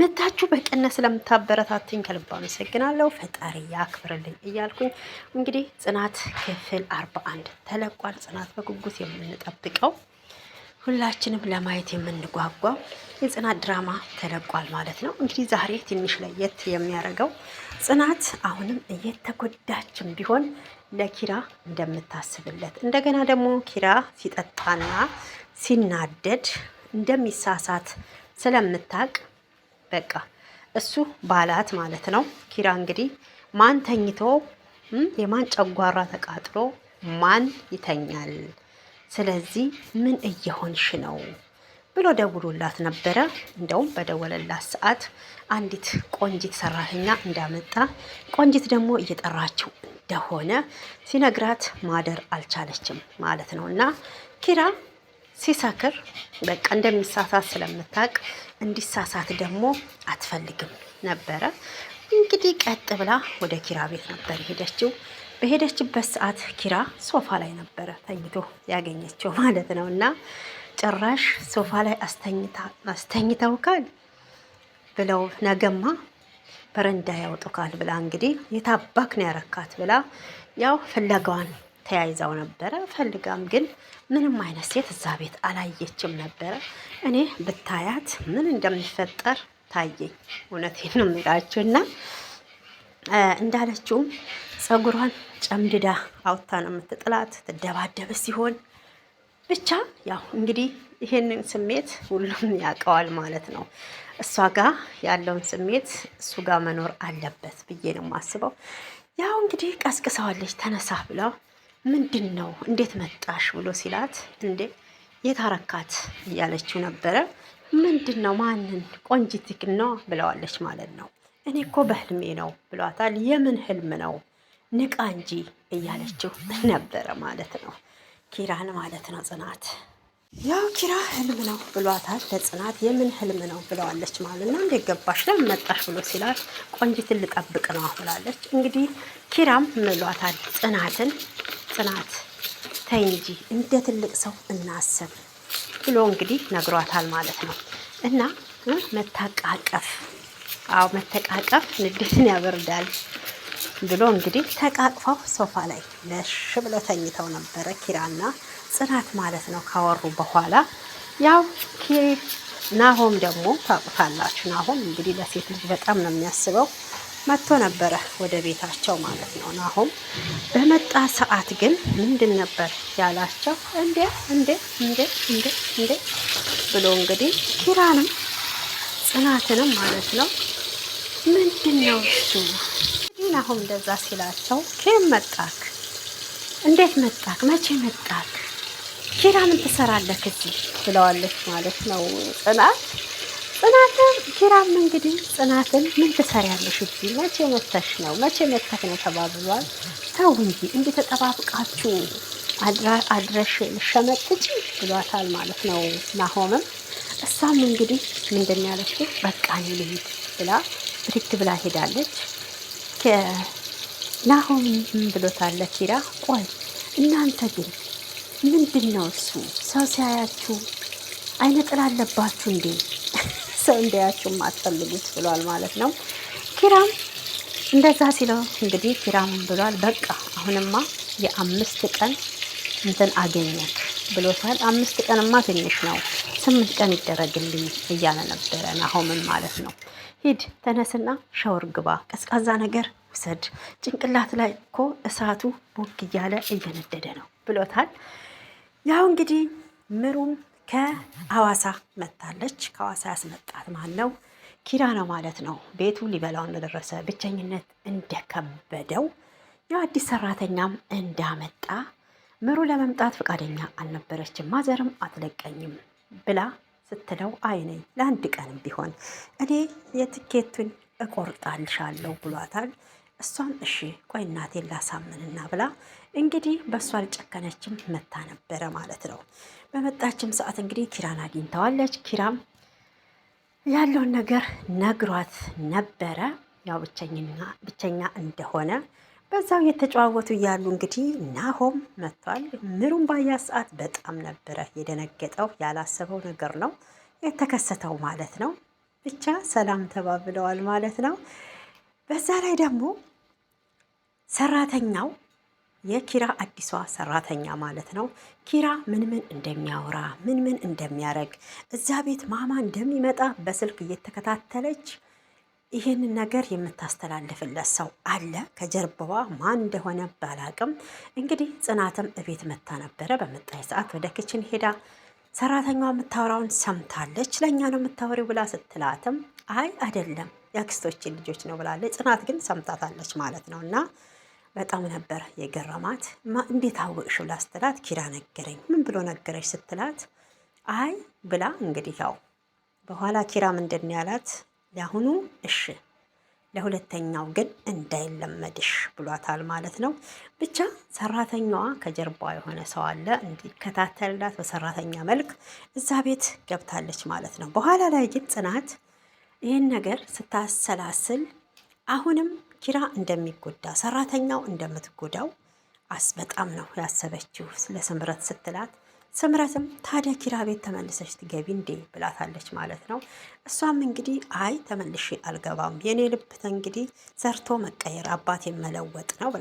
መታችሁ በቅነት ስለምታበረታትኝ ከልብ አመሰግናለሁ። ፈጣሪ ያክብርልኝ እያልኩኝ እንግዲህ ጽናት ክፍል አርባ አንድ ተለቋል። ጽናት በጉጉት የምንጠብቀው ሁላችንም ለማየት የምንጓጓው የጽናት ድራማ ተለቋል ማለት ነው። እንግዲህ ዛሬ ትንሽ ለየት የሚያደርገው ጽናት አሁንም እየተጎዳችም ቢሆን ለኪራ እንደምታስብለት እንደገና ደግሞ ኪራ ሲጠጣና ሲናደድ እንደሚሳሳት ስለምታውቅ በቃ እሱ ባላት ማለት ነው። ኪራ እንግዲህ ማን ተኝቶ የማን ጨጓራ ተቃጥሎ ማን ይተኛል? ስለዚህ ምን እየሆንሽ ነው ብሎ ደውሎላት ነበረ። እንደውም በደወለላት ሰዓት አንዲት ቆንጂት ሰራተኛ እንዳመጣ ቆንጂት ደግሞ እየጠራችው እንደሆነ ሲነግራት ማደር አልቻለችም ማለት ነው እና ኪራ ሲሰክር በቃ እንደሚሳሳት ስለምታውቅ እንዲሳሳት ደግሞ አትፈልግም ነበረ። እንግዲህ ቀጥ ብላ ወደ ኪራ ቤት ነበር የሄደችው። በሄደችበት ሰዓት ኪራ ሶፋ ላይ ነበረ ተኝቶ ያገኘችው ማለት ነው። እና ጭራሽ ሶፋ ላይ አስተኝተውካል ብለው ነገማ በረንዳ ካል ብላ እንግዲህ የታባክ ነው ያረካት ብላ ያው ፍለጋዋን ተያይዛው ነበረ። ፈልጋም ግን ምንም አይነት ሴት እዛ ቤት አላየችም ነበረ። እኔ ብታያት ምን እንደሚፈጠር ታየኝ። እውነቴን ነው የምላችሁ እና እንዳለችውም ፀጉሯን ጨምድዳ አውጥታ ነው የምትጥላት። ትደባደብ ሲሆን ብቻ ያው እንግዲህ ይሄንን ስሜት ሁሉም ያውቀዋል ማለት ነው። እሷ ጋር ያለውን ስሜት እሱ ጋር መኖር አለበት ብዬ ነው የማስበው። ያው እንግዲህ ቀስቅሰዋለች ተነሳ ብለው ምንድን ነው እንዴት መጣሽ ብሎ ሲላት እንዴ የታረካት እያለችው ነበረ። ምንድን ነው ማንን ቆንጅቲክ ነው ብለዋለች ማለት ነው። እኔ እኮ በህልሜ ነው ብሏታል። የምን ህልም ነው ንቃ እንጂ እያለችው ነበረ ማለት ነው። ኪራን ማለት ነው ጽናት ያው ኪራ ህልም ነው ብሏታል። ለጽናት የምን ህልም ነው ብለዋለች ማለት ነው። እንዴት ገባሽ ለምን መጣሽ ብሎ ሲላት ቆንጅትን ልጠብቅ ነው ብላለች። እንግዲህ ኪራም ምሏታል ጽናትን ጽናት ተይ እንጂ እንደ ትልቅ ሰው እናስብ ብሎ እንግዲህ ነግሯታል ማለት ነው። እና መታቃቀፍ፣ አዎ መተቃቀፍ ንዴትን ያበርዳል ብሎ እንግዲህ ተቃቅፈው ሶፋ ላይ ለሽ ብለው ተኝተው ነበረ ኪራና ጽናት ማለት ነው። ካወሩ በኋላ ያው ናሆም ደግሞ ታውቁታላችሁ። ናሆም እንግዲህ ለሴት ልጅ በጣም ነው የሚያስበው መጥቶ ነበረ ወደ ቤታቸው ማለት ነው። ናሆም በመጣ ሰዓት ግን ምንድን ነበር ያላቸው? እንዴ እንዴ እንዴ እንዴ እንዴ ብሎ እንግዲህ ኪራንም ጽናትንም ማለት ነው ምንድን ነው እሱ ናሆም እንደዛ ሲላቸው ኬም መጣክ? እንዴት መጣክ? መቼ መጣክ? ኪራ ምን እዚህ? ብለዋለች ማለት ነው ጽናት ጽናትም ኪራም እንግዲህ ጽናትን ምን ትሰሪያለሽ እዚ መቼ መተሽ ነው መቼ መተሽ ነው ተባብሏል። ተው እንጂ እንዲህ ተጠባብቃችሁ አድረሽ ልሸመጥጭ ብሏታል ማለት ነው። ናሆምም እሷም እንግዲህ ምንድን ያለች በቃ እኔ ልሂድ ብላ ብድግ ብላ ሄዳለች። ናሆም ብሎታል ኪራ ቆይ እናንተ ግን ምንድን ነው እሱ ሰው ሲያያችሁ አይነ ጥላ አለባችሁ እንዴ? ሰው እንዲያያችሁ አትፈልጉት ብሏል ማለት ነው። ኪራም እንደዛ ሲለው እንግዲህ ኪራም ብሏል በቃ አሁንማ የአምስት ቀን እንትን አገኘክ ብሎታል። አምስት ቀንማ ትንሽ ነው፣ ስምንት ቀን ይደረግልኝ እያለ ነበረ ናሆምን ማለት ነው። ሂድ ተነስና ሻወር ግባ፣ ቀዝቃዛ ነገር ውሰድ፣ ጭንቅላት ላይ እኮ እሳቱ ቦግ እያለ እየነደደ ነው ብሎታል። ያው እንግዲህ ምሩም ከሐዋሳ መታለች። ከሐዋሳ ያስመጣት ማን ነው? ኪራ ነው ማለት ነው። ቤቱ ሊበላው እንደደረሰ ብቸኝነት እንደከበደው ያው አዲስ ሰራተኛም እንዳመጣ ምሩ ለመምጣት ፈቃደኛ አልነበረችም። ማዘርም አትለቀኝም ብላ ስትለው አይነኝ ለአንድ ቀንም ቢሆን እኔ የትኬቱን እቆርጣልሻለሁ ብሏታል። እሷም እሺ ቆይ እናቴን ላሳምንና ብላ እንግዲህ በእሷ አልጨከነችም፣ መታ ነበረ ማለት ነው። በመጣችም ሰዓት እንግዲህ ኪራን አግኝተዋለች። ኪራም ያለውን ነገር ነግሯት ነበረ፣ ያው ብቸኛ እንደሆነ በዛው እየተጨዋወቱ እያሉ እንግዲህ ናሆም መጥቷል። ምሩን ባያ ሰዓት በጣም ነበረ የደነገጠው። ያላሰበው ነገር ነው የተከሰተው ማለት ነው። ብቻ ሰላም ተባብለዋል ማለት ነው። በዛ ላይ ደግሞ ሰራተኛው የኪራ አዲሷ ሰራተኛ ማለት ነው። ኪራ ምን ምን እንደሚያወራ ምን ምን እንደሚያደርግ እዛ ቤት ማማ እንደሚመጣ በስልክ እየተከታተለች ይህንን ነገር የምታስተላልፍለት ሰው አለ። ከጀርባዋ ማን እንደሆነ ባላቅም እንግዲህ ጽናትም እቤት መታ ነበረ። በመጣይ ሰዓት ወደ ክችን ሄዳ ሰራተኛዋ የምታወራውን ሰምታለች። ለእኛ ነው የምታወሪው ብላ ስትላትም አይ አይደለም የአክስቶችን ልጆች ነው ብላለች። ጽናት ግን ሰምታታለች ማለት ነው እና በጣም ነበር የገረማት። እንዴት አወቅሽው ላስትላት ኪራ ነገረኝ። ምን ብሎ ነገረች ስትላት አይ ብላ እንግዲህ ያው በኋላ ኪራ ምንድን ያላት ለአሁኑ እሺ ለሁለተኛው ግን እንዳይለመድሽ ብሏታል ማለት ነው። ብቻ ሰራተኛዋ ከጀርባ የሆነ ሰው አለ እንዲከታተልላት በሰራተኛ መልክ እዛ ቤት ገብታለች ማለት ነው። በኋላ ላይ ግን ጽናት ይህን ነገር ስታሰላስል አሁንም ኪራ እንደሚጎዳ ሰራተኛው እንደምትጎዳው አስ በጣም ነው ያሰበችው ለስምረት ስትላት ስምረትም ታዲያ ኪራ ቤት ተመልሰች ትገቢ እንዴ ብላታለች ማለት ነው። እሷም እንግዲህ አይ ተመልሼ አልገባም የኔ ልብተ እንግዲህ ዘርቶ መቀየር አባቴ መለወጥ ነው